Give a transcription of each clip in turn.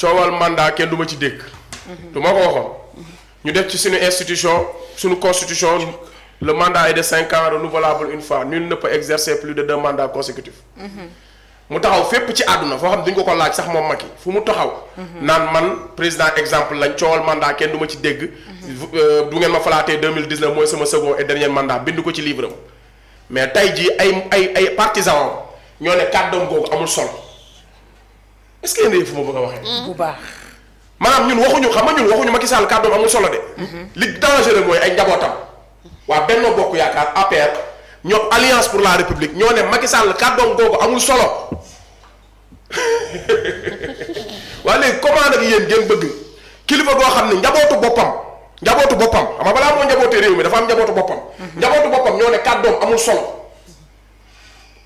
coowal mandat ken du ma ci dégg. Tu mhm. ma ko waxoon. ñu def ci suñu institution suñu constitution le mandat est de cinq ans renouvelable une fois nul ne peut exercer plus de deux mandats consécutifs. Mhm. mu taxaw fait ci àdduna foo xam ne duñ ko ko laaj sax moom Macky fu Nan taxaw. Mhm. man président exemple lañ coowal mandat kenn du ma ci dégg. du euh, ngeen ma falaatee deux mille sama second et dernier mandat bind ko ci livre mais tey jii ay ay ay partisans ñoo ne kàddoom le amul solo. est-ce que yéen a yëg fu ma mm. bu baax. maanaam ñun waxuñu xam ma ñun waxuñu Macky Sall kàddoom amul solo de. Mm-hmm. li dangereux mooy ay njabootam. waa Benno Bokk Yaakaar APR ñoom Alliance pour la République ñoo ne Macky Sall kàddoom googu amul solo waa léegi comment nag yéen ngeen bëgg kilifa goo xam ne njabootu boppam njabootu boppam xam nga balaa moo njabootee réew mi dafa am njabootu boppam. Mm-hmm. njabootu boppam ñoo ne kàddoom amul solo.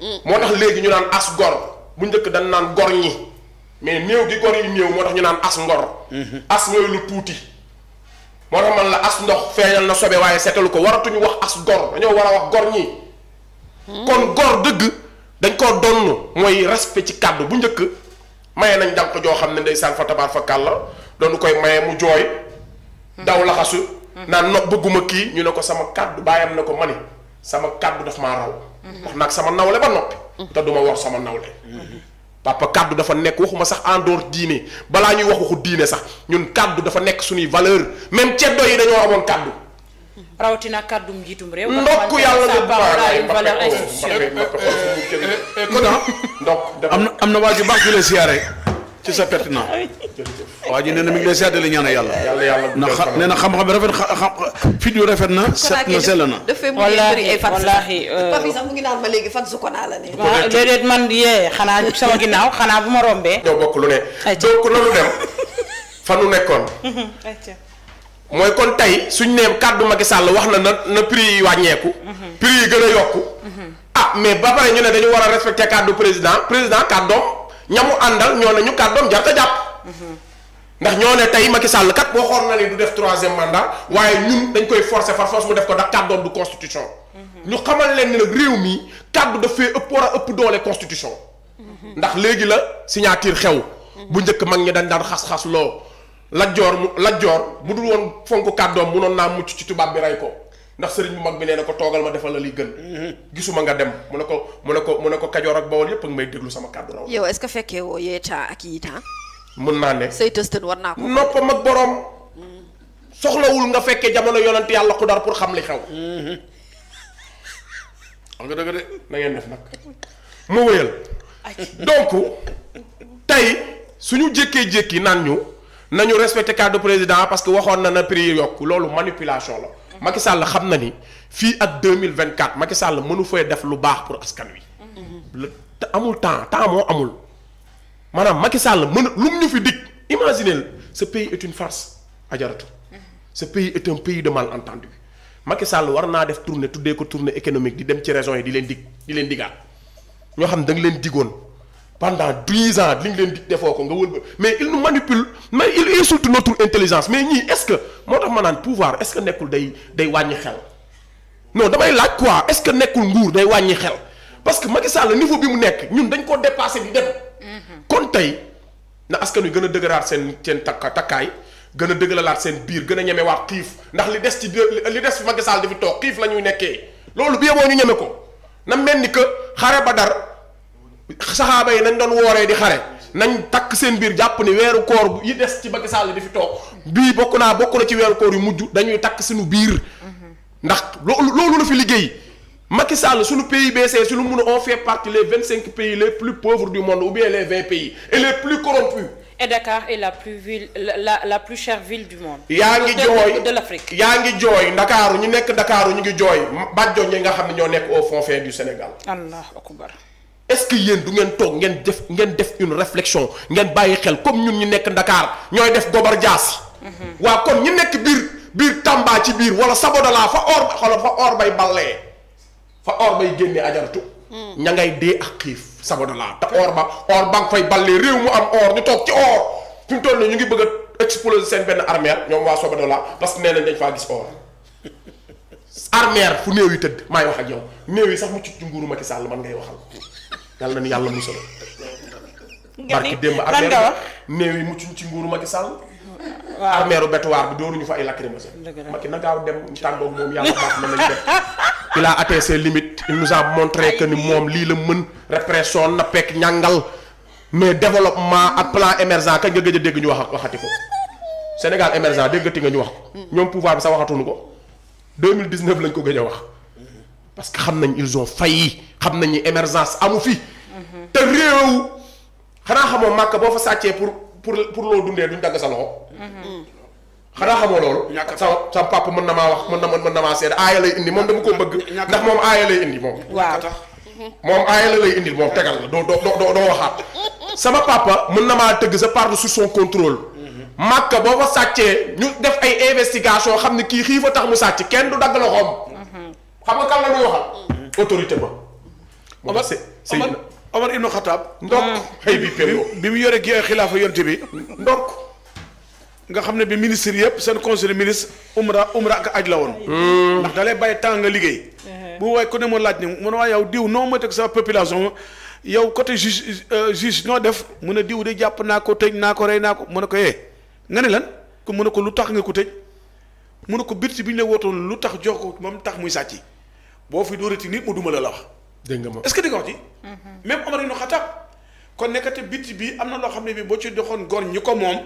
moo tax léegi ñu naan as gor bu njëkk dañ naan gor ñi mais néew di gor yi néew moo tax ñu naan as ngor. as mooy lu tuuti. moo tax man la as ndox feeñal na sobe waaye setalu ko waratuñu wax as gor dañoo war a wax gor ñi. kon gor dëgg dañ koo donn mooy respect ci kàddu bu njëkk mayee nañ jànq joo xam ne ndeysaan fa tabaar fa kàll doon koy mayee mu jooy. daw laxasu mm-hmm. naan nopp bëgguma kii ñu ne ko sama kàddu bàyyam na ko mani sama kàddu daf maa raw. wax nag sama nawle ba noppi. Mm-hmm. te du ma war sama nawle. papa kàddu dafa nekk waxuma sax en dehors diine balaa ñuy wax waxu diine sax ñun kàddu dafa nekk suñuy valeur même ceddo yi dañoo amoon kàddu. rawatina kàddum njiitum réew. ndokk yàlla de baax ndokk am na am na waa ju baax ju la siyaare ci sa pertinent waa ji nee na mi ngi yàlla. na xa nee na xam-xam rafet xam fit yu rafet na. set na sell na. dafay euh, mu ngi naan ma léegi fan su ko naa la ne. waaw déedéet man yee xanaa sama ginnaaw xanaa bu ma rombee. ñoo bokk lu ne. donc loolu dem fa nu nekkoon. Mhm, mooy kon tey suñ nee kàddu Macky Sall wax na na na yi wàññeeku. Mhm. prix yi gën a yokku. Mhm. ah mais ba pare ñu ne dañu war a respecter kàddu président kàddoom. ñamu àndal ñoo ne ñu kàddoom jar ta jàpp. ndax ñoo ne tey Macky sàll kat boo waxoon na ne du def troisième mandat waaye ñun dañ koy forcer par force mu def ko ndax kàddoom du constitution. ñu xamal leen ni nag réew mi kàddu daf fee ëpp war a ëpp doole constitution. ndax léegi la signature xew. bu njëkk mag ñi dañ daan xas-xas loo. Lat Joor mu Lat Joor bu dul woon fonk kàddoom munoon naa mucc ci tubaab bi rey ko. ndax sëriñ bu mag mi nee na ko toogal ma defal la li gën. gisuma nga dem mu ne ko mu ne ko mu ne ko kajoor ak bawol yëpp a may déglu sama kàddu raw. que fekkee woo yee ak yi mën naa ne. say tëstën war naa ko. noppam ak boroom. soxlawul nga fekkee jamono yonent yàlla ku dar pour xam li xew. xam nga dëgg de na def nag mu wéyal. donc tey suñu jékkee jékki naan ñu na nañu respecté cadre président parce que waxoon na na prix yokk loolu manipulation la. Macky Sall xam na ni fi ak 2024 Macky Sall mënu fay def lu baax pour askan wi. te amul temps temps mo amul manam Macky Sall mën lu ñu fi dik imaginez ce pays est une farce adjaratu ce pays est un pays de malentendu Macky Sall war naa def tourner tuddee ko tourner économique di dem ci région yi di len dik di len digaat ñoo xam da nga len digone pendant dix ans li ñu leen di nga wëlba mais il nous manipule mais il insulte notre intelligence mais ni est-ce que moo tax ma pouvoir est-ce que Nekul day day wàññi non damay laaj quoi est-ce que Nekul Ngour day wàññi parce que Macky Sall niveau bi mu nekk ñun dañ koo dépassé di dem. Mhm. kon tey na askan que nous a de seen seen takka takkaay gën a de seen biir bir, a ñemewaat xiif ndax li des ci li des fi Macky Sall dafi toog xiif la ñuy nekkee loolu bi yeboo ñu ñeme ko na mel ni que xare Badar saxaaba yi nañ doon woré di xaré nañ seen ni des ci di fi ci koor yu dañuy suñu ndax la fi fait partie les 25 pays les plus pauvres du monde ou bien les 20 pays et les plus corrompus et Dakar est la plus ville la la plus chère ville du monde. de l'Afrique Joy. ñu nekk Dakar ñu ngi joy ñi nga xamni au fond du Sénégal. allah akbar est-ce que yeen du ngeen tok ngeen def ngeen def une réflexion ngeen bàyyi xel comme ñun ñu nekk Dakar ñoy def gobar jass mm-hmm. wa kon ñu nekk bir bir Tamba ci bir wala saboda la fa or xol fa or bay balé fa or bay génné ajartu. Mm. ña ngay dé akif saboda la ta or ba or ba fay balé réew mu am or ñu tok ci or fu mu toll ñu ngi bëgg exploser sen ben armée ñom wa saboda la parce que nee nañ dañ faa gis or. armée fu néew teud may wax ak yow néew sax mu ci nguuru Macky Sall man ngay waxal. yàlla nañu yàlla musal. barki démb armeer néew yi mucc ci nguuru Macky Sall. armeeru bétuwaar bi dooruñu fa ay lacrymogène. dem ñu tàggoog moom yàlla baax na lañ a atteint a montré ni moom lii la mën répression na pekk ñàngal mais développement ak plan émergent kañ nga gëj a dégg ñu wax waxati ko Sénégal émergent déggati nga ñu wax ko. Mm. ñoom pouvoir bi sax waxatuñu ko 2019 ko gëj a wax. Mm. parce xam nañ ils ont xam nañ émergence amu fi. te réew xanaa xamoo màkk boo fa sàccee pour pour pour loo dundee duñ dagg sa loxo. Mm-hmm. xanaa xamoo loolu. ñàkk sa sa mën na maa wax mën na mën na maa seede aaya lay indi moom dama ko bëgg. ndax moom aaya lay indi moom. waaw mm-hmm. moom aaya lay indil moom tegal la doo doo doo waxaat. sama papa mën na maa tëgg sa part sous son contrôle. Mm-hmm. màkk boo fa sàccee ñu def ay investigation xam ne kii xiifa tax mu sàcc kenn du dagg loxoom. xam nga kan la muy waxal. autorité ba. Omar ibnu Xataab. ndokk mm. xëy bi bi mu yore kii ay xilaafa yonte bi ndokk nga xam ne bi ministre yëpp seen conseil ministre umra umra ak aj la woon. Mm. ndax da lay bàyyi temps nga liggéey. Uh-huh. bu waaye ku ne ma laaj ne mu ne waa yow diw noo ma teg sa population yow côté juge euh, juge noo def mu a diw de jàpp naa ko tëj naa ko rey naa ko mu a ko yee eh, nga ne leen ku mun ne ko lu tax nga ko tëj mun ne ko birti bi ñu la wootoon lu tax jox ko moom tax muy sàcc boo fi dóorati nit mu duma la est-ce que même Omar ibn Khattab kon nekkati biti bi am na loo xam ne bi boo ci doxoon gor ñi ko moom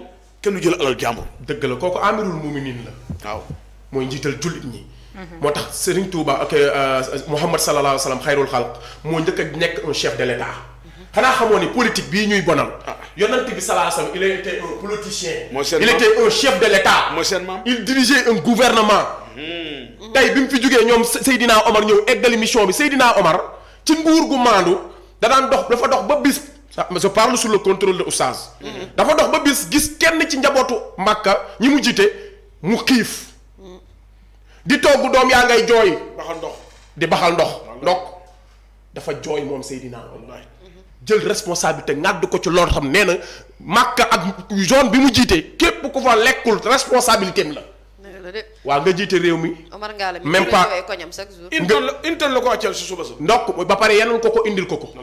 kenn du jël alal jàmbur. dëgg la kooku amirul muminin la. waaw mooy njiital jullit ñi. moo tax Serigne Touba ak Mouhamad sallallahu alayhi wa sallam xayrul xalq moo njëkk a nekk un chef de l'État. xanaa xamoo ni politique bii ñuy bonal. yonent bi sallallahu alayhi wasallam sallam il était un politicien. il était un chef de l'État. mooy seen il dirigeait un gouvernement. tey bi mu fi jógee ñoom Seydina Omar ñëw eggali mission bi Seydina Omar. ci nguur gu maandu da dox dafa dox ba bis je parle sous le contrôle de mm-hmm. dafa dox ba bis gis kenn ci njabootu makka ñi mu jiite mu xiif mm-hmm. di togg doom yaa ngay jooy ndox di baxal ndox ndox dafa jooy moom Seydina Omar mm-hmm. jël responsabilité ngàdd ko ci loolu xam nee na Màkka ak zone bi mu jiite képp ko fa lekkul responsabilité la waaw nga jiite réew mi. Omar Ngale mi même pas intal la ko wàcceel si suba sa. ba pare yanul indil koko, ko.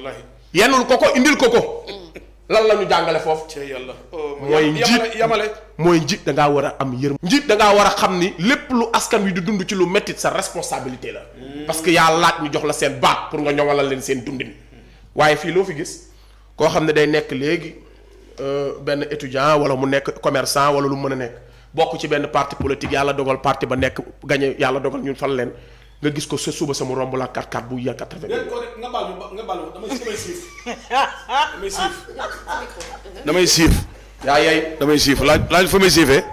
yanul koko indil koko, ko. Mm. lan la ñu jàngale foofu. ci yàlla oh, mooy njiit yamale mooy njiit da ngaa war am da lu askan wi di dund ci lu métti sa responsabilité la. Mm. parce que yaa laaj ñu jox la seen baat pour nga ñoŋalal leen seen dundin. waaye fii loo fi gis koo euh, étudiant wala mu nekk commerçant wala lu mën bokk ci benn parti politique yàlla dogal parti ba nekk gañe yàlla dogal ñun fan leen nga gis ko sa suba sama romb la 4 4 bu ya 80. léegi ko rek nga baal nga baal damay damay siif damay siif. yaa yaay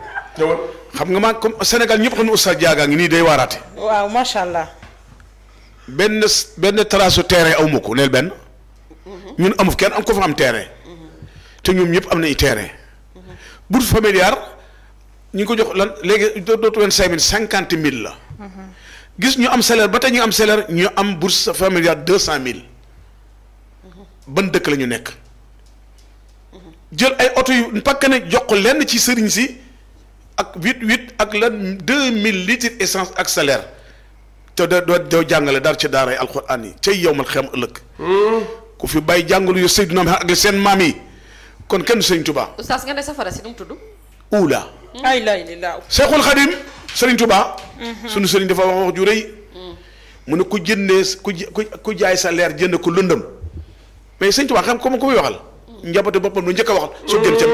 xam nga maa comme Sénégal ñëpp xam ne Oustaz ngi nii day waaraate. waaw macha allah. benn benn trasu terrain aw ko neel benn. Mhm. ñun amu kenn am ko fa am terrain. Mhm. te ñoom ñëpp am nañu terrain. Mhm. bourse familiale. ñu ngi ko jox lan léegi dootu leen cinq mille cinquante mille la. gis ñu am salaire ba tey ñu am salaire ñu am bourse familiale deux cent mille. ban dëkk la ñu nekk. jël ay oto yu pakk ne jox lenn ci sëriñ si ak huit huit ak lan deux mille litres essence ak salaire te da doo jàngale dara ci daaray alxuraan yi cay yow mal xam ëllëg. ku fi bàyyi jàngalu yu Seydina Muhammad ak seen maam yi kon kenn Sëriñ Tuubaa. oustaz nga ne safara si nu mu uula. ay la ilaha. Cheikhul Khadim Serigne Touba. Mhm. sunu Serigne dafa wax wax ju rëy. Mhm. mu ne ku jëndee ku jaay sa leer jënd ko lëndëm mais Serigne Touba xam ko ku muy waxal. Mhm. njaboote boppam lu njëkk a waxal. soo génn ca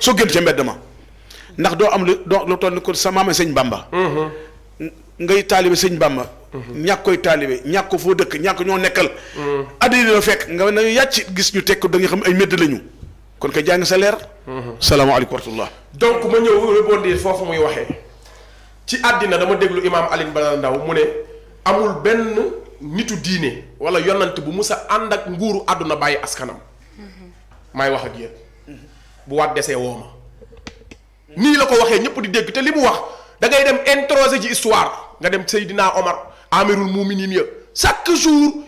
soo génn ca mbedd ma ndax doo am lu doo lu toll ko sa maama sëñ Bamba. ngay taalibe sëñ Bamba. ñàkk koy taalibe ñàkk ko foo dëkk ñàkk ñoo nekkal. addina la fekk nga ne yàcc gis ñu teg ko xam ay medd lañu. kon ka jàng sa leer. salaamaaleykum wa rahmatullah donc ma ñëw rebondir foofu muy waxee ci àddina dama déglu imaam Alioune Badara ndaw mu ne amul benn nitu diine wala yonant bu mu a ànd ak nguuru àdduna bàyyi askanam. may wax ak yéen. bu waat desee woo ma. nii la ko waxee ñëpp di dégg te li mu wax dangay dem introsé ci histoire nga dem Seydina Omar amirul muminin ya chaque jour.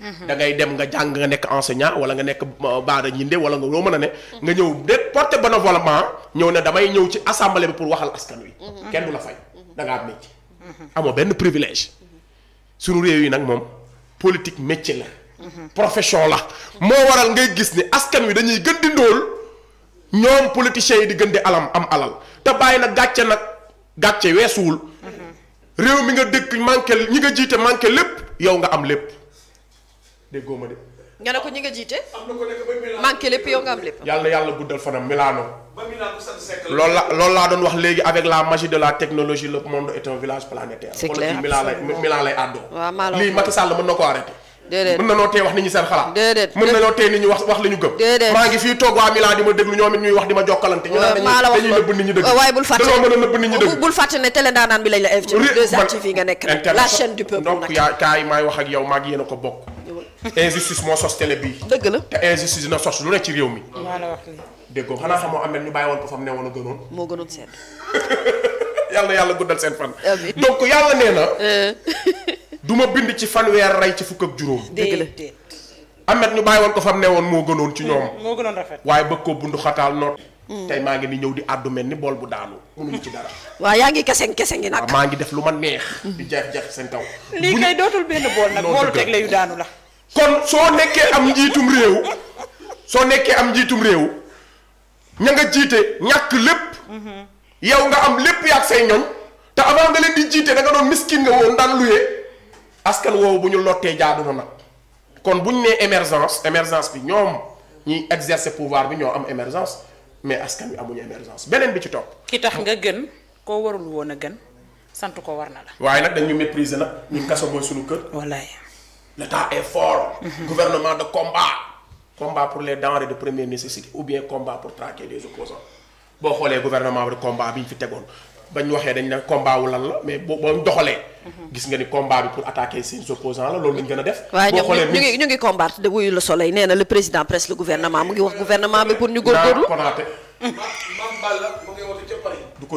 Mm-hmm. da ngay dem nga jàng nga nekk enseignant wala nga nekk euh, baara ñinde wala nga loo mën a ne. Mm-hmm. nga ñëw de porté bénévolement ñëw ne damay ñëw ci assemblée bi pour waxal askan wi. Mm-hmm. kenn du la fay da ngaa am métier. amoo benn privilège. sunu réew yi nag moom politique métier la. profession la. moo waral ngay gis ni askan wi dañuy gën di ndóol ñoom politiciens yi di gën di alam am alal te bàyyi nag gàcce nag gàcce weesuwul. réew mi nga dëkk manqué ñi nga jiite manqué lépp yow nga am lépp. déggoo ma de. nga ne ko ñi nga jiite. am na ko nekk ba Milano manqué lépp yow nga am lépp. yàlla yàlla guddal fanam Milano. ba la loolu laa doon wax léegi avec la magie de la technologie le monde est un village lii Macky mën na ko arrêté. mën na noo wax nit ñi seen xalaat. déedéet mën na noo nit ñi wax wax li ñu gëm. déedéet maa ngi fii toog waa Milan di ma déglu ñoom ñuy wax di ma jokkalante. ñu naan dañuy nëbb nit ñi dëgg. waaye bul fàtte dañoo mën a nëbb nit ñi dëgg. bul fàtte ndaanaan bi lañ la invité. nekk la chaîne du peuple. donc yaa ak yow maa ngi yéen a ko injustice moo sos télé bii. dëgg la te injustice dina sos lu ne ci réew mi. déggoo xanaa xamoo am na ñu bàyyi woon ko fa mu ne woon a gënoon. moo gënoon seen. yàlla na yàlla guddal seen fan. donc yàlla nee na. Euh. du ma bind ci fanweer rey ci fukk ak juróom. dëgg la amet ñu bàyyi woon ko fam ne woon moo gënoon ci ñoom. moo gënoon rafet waaye bëgg ko bundu xataal noot. Hmm. tey maa ngi ni ñëw di àddu mel ni bool bu daanu. mënuñu ci dara. waaw yaa ngi kese kese ngi nag. maa ngi def lu ma neex. di jeex jeex seen kon soo nekkee am njiitum réew soo nekkee am njiitum réew ña nga jiite ñàkk lépp yow nga am lépp yaag say ñoñ te avant nga leen di jiite da nga doon miskin nga woon daan luye askan woowu bu ñu lottee jaadu na nag kon bu ñu nee émergence émergence bi ñoom ñiy exercer pouvoir bi ñoo am émergence mais askan wi amuñu émergence beneen bi ci toog ki tax nga gën koo warul woon a gën sant ko war na la. waaye nag dañu mépriser nag ñu kaso mooy suñu kër. L'État est fort. Mhm. Gouvernement de combat. Combat pour les denrées de première nécessité ou bien combat pour traquer les opposants. boo le gouvernement de combat bi ñu fi dañ combat lan la mais boo boo doxalee. Mhm. gis nga ni combat bi pour attaquer ses opposants là, loolu lañ gën a def. boo xoolee ñu ngi ñu de combattre le soleil nee na le président presse le gouvernement mu ngi wax gouvernement bi pour ñu. góorgóorlu naa konaate. Mhm. Balla mu ngi woote ca Paris. du ko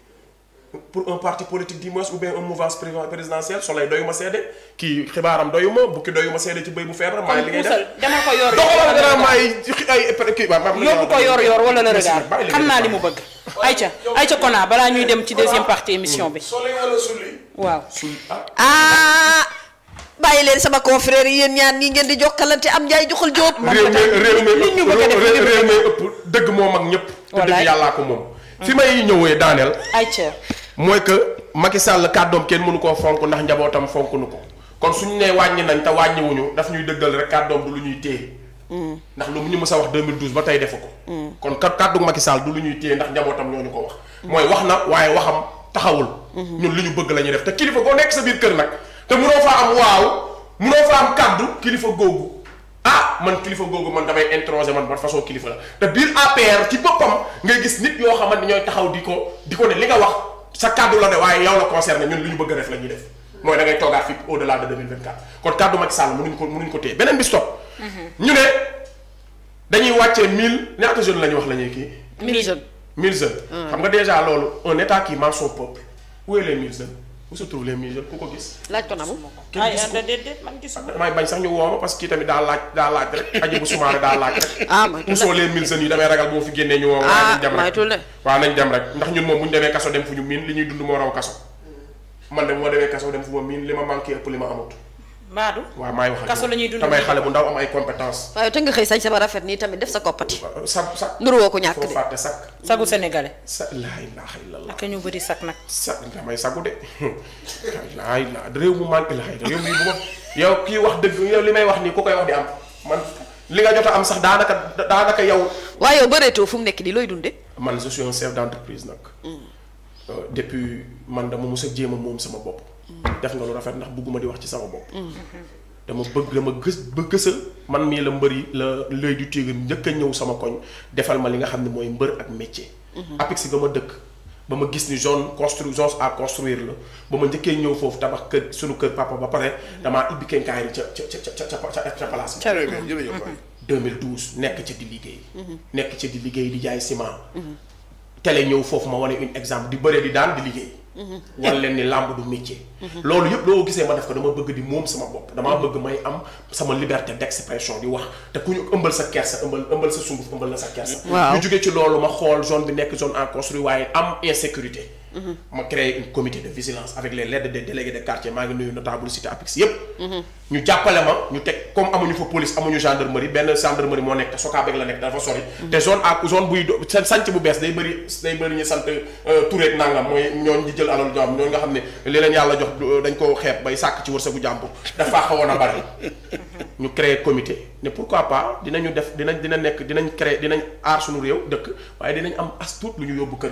pour un parti politique dimanche ma seede kii xibaaram doyu ma bukki doyu ma seede ci bëy bu feebar maay li ngay def dama ko yor doxalal dara balaa ñuy dem ci deuxième partie émission bi waaw ah. ah bàyyi leen sama confrère yéen ñaan nii ngeen di jokkalante am njaay joxal jóob nit ñu bëgg a def réew mi ëpp dëgg moom ak ñëpp te dëgg yàllaa ko moom fi may ñëwee daaneel Aïcha moy que Macky Sall kaddom ken mënu ko fonk ndax njabotam fonk nuko kon suñu nee wañi nañ wañi wuñu daf ñuy deggal rek kaddom du luñuy ñuy mm. ndax lu ñu mësa wax 2012 ba tay defu ko. Mm. kon kaddu Macky Sall du luñuy ñuy ndax njabotam ñoo ñuko wax. moy waxna waye waxam taxawul. Mm-hmm. ñun li bëgg lañu def te kilifa go nek sa biir kër nak te mëno fa am waaw mëno fa am kaddu kilifa gogu ah man kilifa gogu man damay introsé man ba faaso kilifa la te biir APR ci bopam ngay gis nit yo xamanteni ñoy taxaw diko diko ne li nga wax. sa kàddu la ne waaye yow la concerné ñun lu ñu bëgg a def la ñuy def mooy da ngay toogaat fi au delà de 2024 kon kàddu Macky Sall mënuñ ko mënuñ ko téye beneen bi stop. Mhm. ñu ne dañuy wàccee mille ñaata jeunes la ñu wax la ñuy kii. mille jeunes mille jeunes. xam nga déjà loolu un état qui ment son peuple où est les où se trouvent les musées ku ko gis. laaj ko na mu ay ande déedéet bañ sax ñu woo parce que kii tamit daa laaj daa laaj rek aji bu sumaare daa laaj rek. ah moytu la les yi damay ragal boo fi génnee ñu woo. ah nañ dem rek ndax ñun moom bu ñu demee kaso dem fu ñu miin li ñuy dund moo raw kaso. man de moo demee kaso dem fu ma miin li ma manqué ëpp li ma amut. Maadu waaw maay wax kaso la ñuy dund damay xale bu ndaw am ay compétence waaye te nga xëy sañ sama rafet nii tamit def sa koppati. sa sa nuru woo ko ñàkk de foo fàtte sag. sagu sénégalais. sa laa ilaaha illallaah ak ñu bëri sag nag. sa damay sagu de laa ilaaha réew mu man ilaaha yow kii wax dëgg yow li may wax nii ku koy di am man li nga jot am sax daanaka daanaka yow. waaye yow bëreetoo fu mu nekk nii looy dunde man je suis un chef d'entreprise nag. Mm. Euh, depuis man dama mos a jéem moom sama bopp. def nga lu rafet ndax bëgguma di wax ci sama bopp. Mm. dama bëgg dama gës ba gësal man mii la mbër yi la l'Oeil du Tigre njëkk ñëw sama koñ defal ma li nga xam ne mooy mbër ak métier. Mm-hmm. APEX ba ma dëkk ba ma gis ni zone constru zone à construire la ba ma njëkkee ñëw foofu tabax kër sunu kër papa ba pare mm-hmm. damaa ibbi kenkaayri ca ca ca ca ca place bi. 2012 mm-hmm. nekk ca di liggéey. nekk ca di liggéey di jaay ciment. télé ñëw foofu ma wane une exemple di bëre di daan di liggéey. wala leen ni làmb du métier. loolu yëpp loo gisee ma def ko dama bëgg di moom sama bopp. damaa bëgg may am sama liberté d'expression di wax te ku ñu ëmbal sa kersa ëmbal ëmbal sa sunguf ëmbal na sa kersa. waaw ñu jógee ci loolu ma xool zone bi nekk zone en construit waaye am sécurité Mm-hmm. ma créé un comité de vigilance avec les lettres des délégués de quartier maa ngi nuyu notable cité APIX yépp mm-hmm. ñu jappalé ma ñu tek comme amuñu fa police amuñu gendarmerie ben gendarmerie moo nekk soka Sokabeg la nek dafa sori. Mm-hmm. té zone à zone buy seen bu bess day bari day bari ñu sant euh, Touré nangam moy ñooñ ñi jël alal jam ñoo nga xamné ne li leen yàlla jox dañ ko xép bay sàkk ci wërsëgu jambu dafa xawona bari ñu créé comité ne pourquoi pas dinañu def dinañ dina nek dinañ créé dinañ ar suñu réew dëkk waaye dinañ am astout luñu yobbu ñu kër